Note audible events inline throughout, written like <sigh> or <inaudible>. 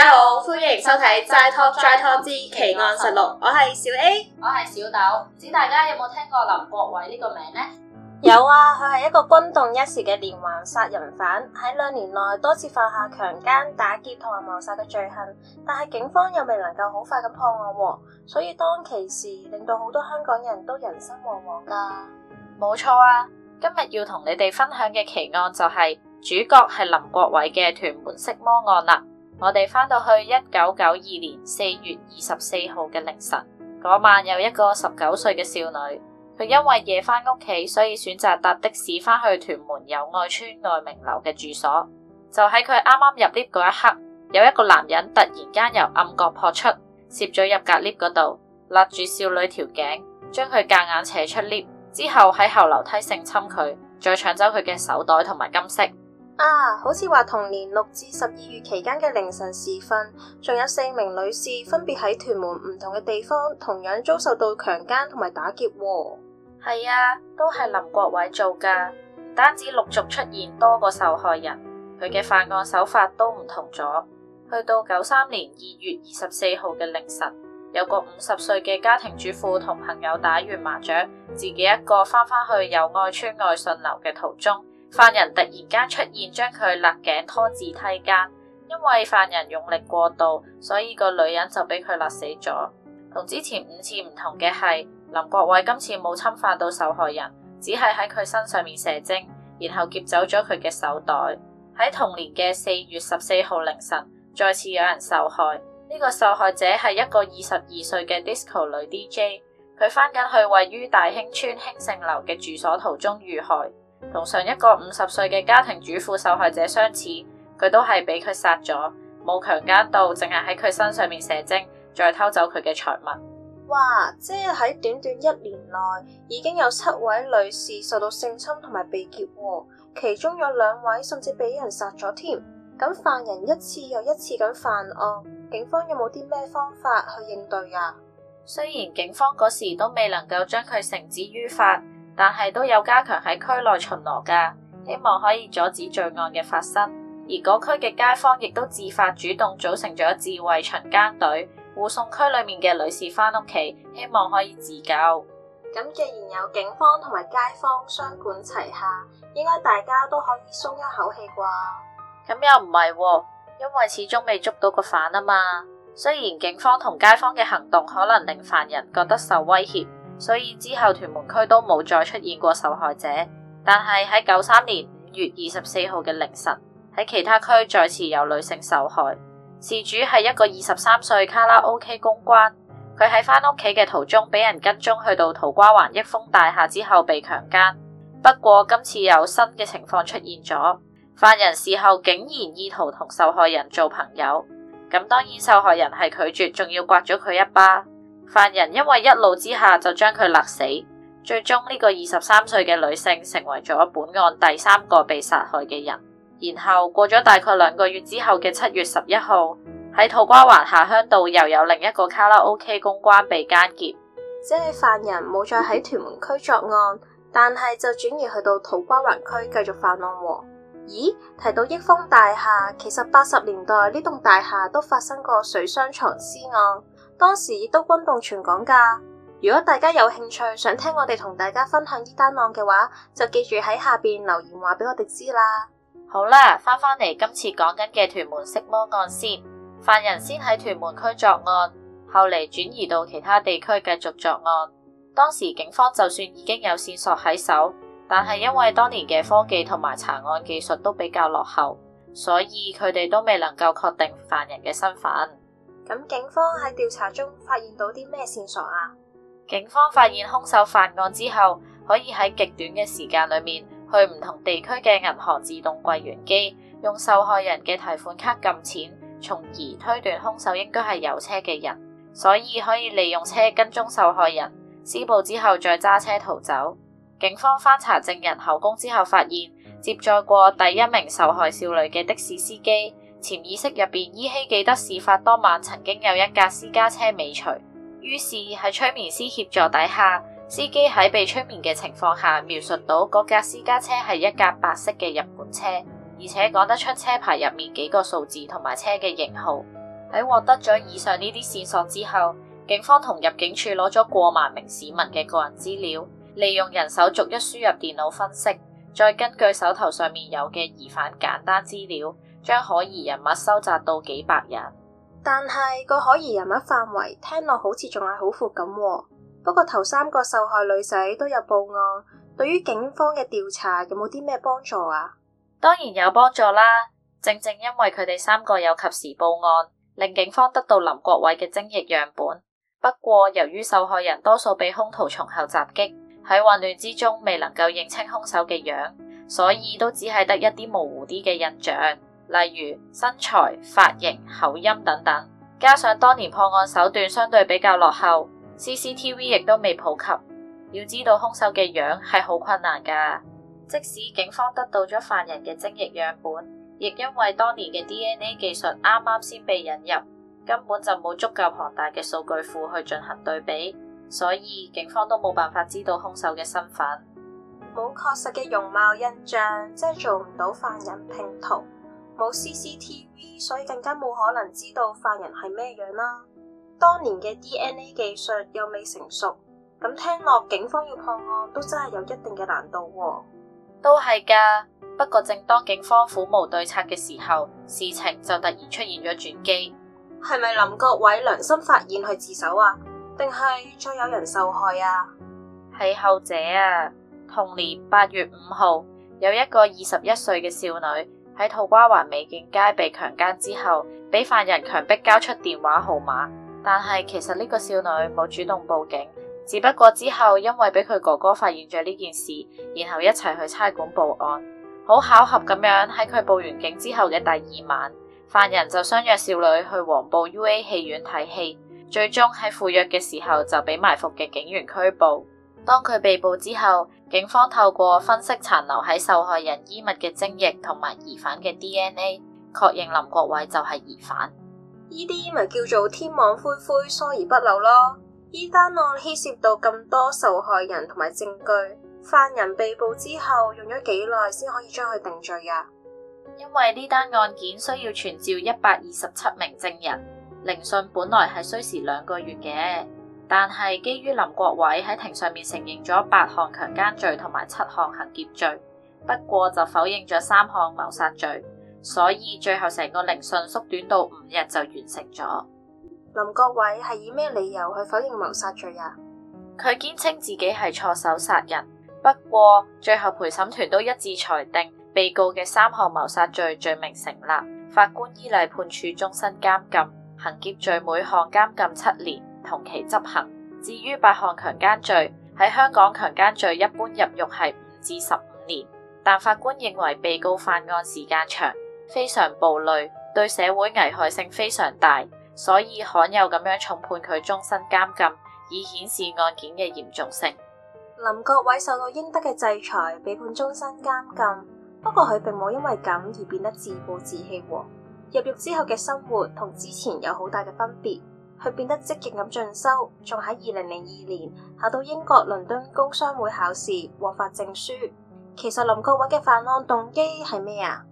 大家好，歡迎收睇《齋托齋托之奇案實錄》。我係小 A，我係小豆。唔知大家有冇聽過林國偉呢個名呢？有啊，佢係一個轟動一時嘅連環殺人犯，喺兩年內多次犯下強姦、打劫同埋謀殺嘅罪行，但係警方又未能夠好快咁破案啊，所以當其時令到好多香港人都人心惶惶噶。冇錯啊！今日要同你哋分享嘅奇案就係、是、主角係林國偉嘅屯門色魔案啦。我哋返到去一九九二年四月二十四號嘅凌晨，嗰晚有一個十九歲嘅少女，佢因為夜返屋企，所以選擇搭的士返去屯門友愛邨愛明樓嘅住所。就喺佢啱啱入 lift 嗰一刻，有一個男人突然間由暗角破出，攝咗入隔 lift 嗰度，勒住少女條頸，將佢夾硬扯出 lift，之後喺後樓梯性侵佢，再搶走佢嘅手袋同埋金色。啊，好似話同年六至十二月期間嘅凌晨時分，仲有四名女士分別喺屯門唔同嘅地方，同樣遭受到強姦同埋打劫喎。係啊，都係林國偉做噶，唔單止陸續出現多個受害人，佢嘅犯案手法都唔同咗。去到九三年二月二十四號嘅凌晨，有個五十歲嘅家庭主婦同朋友打完麻將，自己一個翻返去友愛村愛信樓嘅途中。犯人突然間出現，將佢勒頸拖至梯間，因為犯人用力過度，所以個女人就俾佢勒死咗。同之前五次唔同嘅係，林國偉今次冇侵犯到受害人，只係喺佢身上面射精，然後劫走咗佢嘅手袋。喺同年嘅四月十四號凌晨，再次有人受害。呢、這個受害者係一個二十二歲嘅 disco 女 DJ，佢翻緊去位於大興村興盛樓嘅住所途中遇害。同上一個五十歲嘅家庭主婦受害者相似，佢都係俾佢殺咗，冇強姦到，淨係喺佢身上面射精，再偷走佢嘅財物。哇！即係喺短短一年內，已經有七位女士受到性侵同埋被劫，其中有兩位甚至俾人殺咗添。咁犯人一次又一次咁犯案，警方有冇啲咩方法去應對呀？雖然警方嗰時都未能夠將佢繩之於法。但係都有加強喺區內巡邏㗎，希望可以阻止罪案嘅發生。而嗰區嘅街坊亦都自發主動組成咗自衛巡更隊，護送區裏面嘅女士返屋企，希望可以自救。咁既然有警方同埋街坊雙管齊下，應該大家都可以鬆一口氣啩？咁又唔係，啊，因為始終未捉到個犯啊嘛。雖然警方同街坊嘅行動可能令犯人覺得受威脅。所以之後屯門區都冇再出現過受害者，但係喺九三年五月二十四號嘅凌晨，喺其他區再次有女性受害，事主係一個二十三歲卡拉 OK 公關，佢喺返屋企嘅途中俾人跟蹤去到土瓜灣益豐大廈之後被強姦。不過今次有新嘅情況出現咗，犯人事後竟然意圖同受害人做朋友，咁當然受害人係拒絕，仲要刮咗佢一巴。犯人因為一怒之下就將佢勒死，最終呢個二十三歲嘅女性成為咗本案第三個被殺害嘅人。然後過咗大概兩個月之後嘅七月十一號，喺土瓜灣下鄉道又有另一個卡拉 OK 公關被奸劫。即係犯人冇再喺屯門區作案， <laughs> 但係就轉移去到土瓜灣區繼續犯案喎。咦？提到益豐大廈，其實八十年代呢棟大廈都發生過水箱藏屍案。當時亦都轟動全港噶。如果大家有興趣想聽我哋同大家分享呢單案嘅話，就記住喺下邊留言話俾我哋知啦。好啦，翻返嚟今次講緊嘅屯門色魔案先。犯人先喺屯門區作案，後嚟轉移到其他地區繼續作案。當時警方就算已經有線索喺手，但係因為當年嘅科技同埋查案技術都比較落後，所以佢哋都未能夠確定犯人嘅身份。咁警方喺調查中發現到啲咩線索啊？警方發現兇手犯案之後，可以喺極短嘅時間裏面去唔同地區嘅銀行自動櫃員機用受害人嘅提款卡撳錢，從而推斷兇手應該係有車嘅人，所以可以利用車跟蹤受害人，施暴之後再揸車逃走。警方翻查證人口供之後，發現接載過第一名受害少女嘅的、的士司機。潛意識入邊，依稀記得事發當晚曾經有一架私家車尾隨。於是喺催眠師協助底下，司機喺被催眠嘅情況下描述到嗰架私家車係一架白色嘅日本車，而且講得出車牌入面幾個數字同埋車嘅型號。喺獲得咗以上呢啲線索之後，警方同入境處攞咗過萬名市民嘅個人資料，利用人手逐一輸入電腦分析，再根據手頭上面有嘅疑犯簡單資料，將可疑人物收集到幾百人，但係個可疑人物範圍聽落好似仲係好闊咁。不過頭三個受害女仔都有報案，對於警方嘅調查有冇啲咩幫助啊？當然有幫助啦，正正因為佢哋三個有及時報案，令警方得到林國偉嘅精液樣本。不過由於受害人多數被兇徒從後襲擊，喺混亂之中未能夠認清兇手嘅樣，所以都只係得一啲模糊啲嘅印象。例如身材、髮型、口音等等，加上當年破案手段相對比較落後，CCTV 亦都未普及。要知道凶手嘅樣係好困難噶，即使警方得到咗犯人嘅精液樣本，亦因為當年嘅 DNA 技術啱啱先被引入，根本就冇足夠龐大嘅數據庫去進行對比，所以警方都冇辦法知道凶手嘅身份。冇確實嘅容貌印象，即係做唔到犯人拼圖。冇 CCTV，所以更加冇可能知道犯人係咩樣啦。當年嘅 DNA 技術又未成熟，咁聽落警方要破案都真係有一定嘅難度喎。都係噶，不過正當警方苦無對策嘅時候，事情就突然出現咗轉機。係咪林國偉良心發現去自首啊？定係再有人受害啊？係後者啊。同年八月五號，有一個二十一歲嘅少女。喺土瓜灣美景街被強姦之後，俾犯人強迫交出電話號碼，但係其實呢個少女冇主動報警，只不過之後因為俾佢哥哥發現咗呢件事，然後一齊去差館報案。好巧合咁樣喺佢報完警之後嘅第二晚，犯人就相約少女去黃埔 UA 戲院睇戲，最終喺赴約嘅時候就俾埋伏嘅警員拘捕。當佢被捕之後，警方透過分析殘留喺受害人衣物嘅精液同埋疑犯嘅 DNA，確認林國偉就係疑犯。呢啲咪叫做天網恢恢，疏而不漏咯。呢單案牽涉到咁多受害人同埋證據，犯人被捕之後，用咗幾耐先可以將佢定罪呀？啊？因為呢單案件需要傳召一百二十七名證人，聆訊本來係需時兩個月嘅。但係基於林國偉喺庭上面承認咗八項強姦罪同埋七項行劫罪，不過就否認咗三項謀殺罪，所以最後成個聆訊縮短到五日就完成咗。林國偉係以咩理由去否認謀殺罪啊？佢堅稱自己係錯手殺人，不過最後陪審團都一致裁定被告嘅三項謀殺罪罪名成立，法官依例判處終身監禁，行劫罪每項監禁七年，同期執行。至於八項強奸罪喺香港強奸罪，一般入獄係五至十五年，但法官認為被告犯案時間長，非常暴戾，對社會危害性非常大，所以罕有咁樣重判佢終身監禁，以顯示案件嘅嚴重性。林國偉受到應得嘅制裁，被判終身監禁。不過佢並冇因為咁而變得自暴自棄。入獄之後嘅生活同之前有好大嘅分別。佢變得積極咁進修，仲喺二零零二年考到英國倫敦工商會考試獲發證書。其實林國偉嘅犯案動機係咩啊？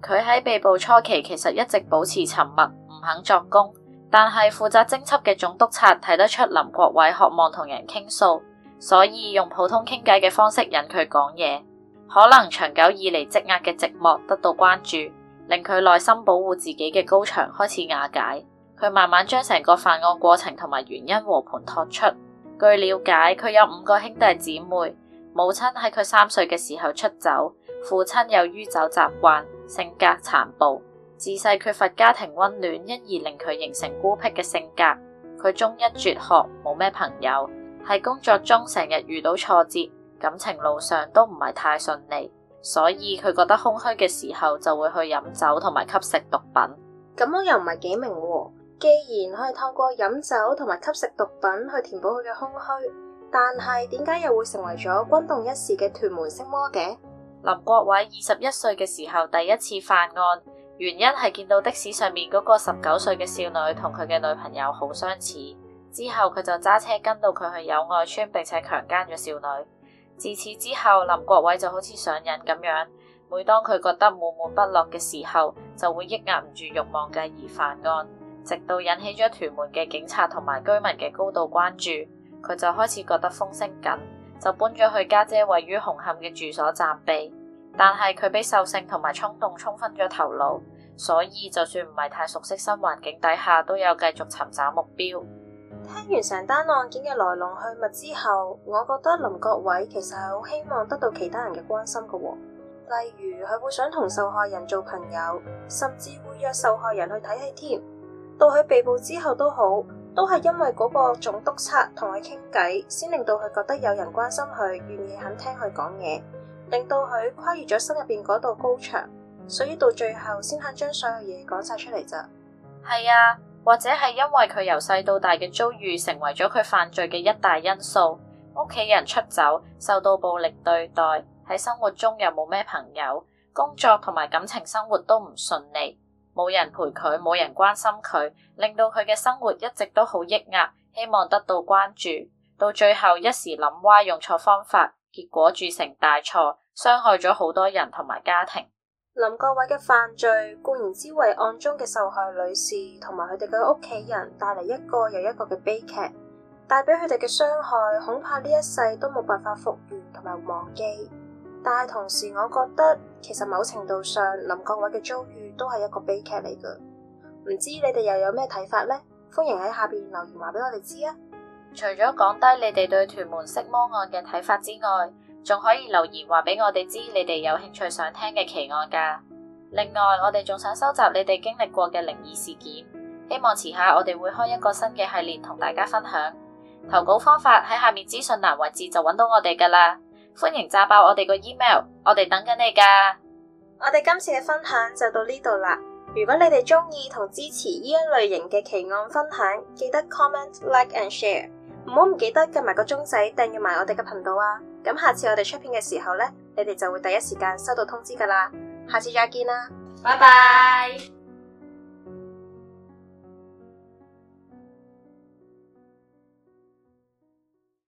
佢喺被捕初期其實一直保持沉默，唔肯作供。但係負責偵緝嘅總督察睇得出林國偉渴望同人傾訴，所以用普通傾偈嘅方式引佢講嘢。可能長久以嚟積壓嘅寂寞得到關注，令佢內心保護自己嘅高牆開始瓦解。佢慢慢將成個犯案過程同埋原因和盤托出。據了解，佢有五個兄弟姊妹，母親喺佢三歲嘅時候出走，父親有酗酒習慣，性格殘暴，自細缺乏家庭温暖，因而令佢形成孤僻嘅性格。佢中一輟學，冇咩朋友，喺工作中成日遇到挫折，感情路上都唔係太順利，所以佢覺得空虛嘅時候就會去飲酒同埋吸食毒品。咁我又唔係幾明喎。既然可以透過飲酒同埋吸食毒品去填補佢嘅空虛，但係點解又會成為咗轟動一時嘅屯門色魔嘅？林國偉二十一歲嘅時候第一次犯案，原因係見到的士上面嗰個十九歲嘅少女同佢嘅女朋友好相似，之後佢就揸車跟到佢去友愛村，並且強姦咗少女。自此之後，林國偉就好似上癮咁樣，每當佢覺得悶悶不樂嘅時候，就會抑壓唔住慾望繼而犯案。直到引起咗屯門嘅警察同埋居民嘅高度關注，佢就開始覺得風聲緊，就搬咗去家姐位於紅磡嘅住所暫避。但係佢俾獸性同埋衝動衝昏咗頭腦，所以就算唔係太熟悉新環境底下，都有繼續尋找目標。聽完成單案件嘅來龍去脈之後，我覺得林國偉其實係好希望得到其他人嘅關心㗎喎，例如佢會想同受害人做朋友，甚至會約受害人去睇戲添。到佢被捕之後都好，都係因為嗰個總督察同佢傾偈，先令到佢覺得有人關心佢，願意肯聽佢講嘢，令到佢跨越咗心入邊嗰道高牆，所以到最後先肯將所有嘢講晒出嚟。咋？係啊，或者係因為佢由細到大嘅遭遇，成為咗佢犯罪嘅一大因素。屋企人出走，受到暴力對待，喺生活中又冇咩朋友，工作同埋感情生活都唔順利。冇人陪佢，冇人關心佢，令到佢嘅生活一直都好抑壓，希望得到關注。到最後，一時諗歪，用錯方法，結果鑄成大錯，傷害咗好多人同埋家庭。林國偉嘅犯罪固然之為案中嘅受害女士同埋佢哋嘅屋企人帶嚟一個又一個嘅悲劇，帶俾佢哋嘅傷害恐怕呢一世都冇辦法復原同埋忘記。但係同時，我覺得其實某程度上林國偉嘅遭遇都係一個悲劇嚟噶。唔知你哋又有咩睇法呢？歡迎喺下邊留言話俾我哋知啊！除咗講低你哋對屯門色魔案嘅睇法之外，仲可以留言話俾我哋知你哋有興趣想聽嘅奇案噶。另外，我哋仲想收集你哋經歷過嘅靈異事件，希望遲下我哋會開一個新嘅系列同大家分享。投稿方法喺下面資訊欄位置就揾到我哋噶啦。歡迎炸爆我哋個 email，我哋等緊你噶。我哋今次嘅分享就到呢度啦。如果你哋中意同支持依一類型嘅奇案分享，記得 comment、like and share。唔好唔記得撳埋個鐘仔訂閱埋我哋嘅頻道啊。咁下次我哋出片嘅時候呢，你哋就會第一時間收到通知噶啦。下次再見啦，拜拜。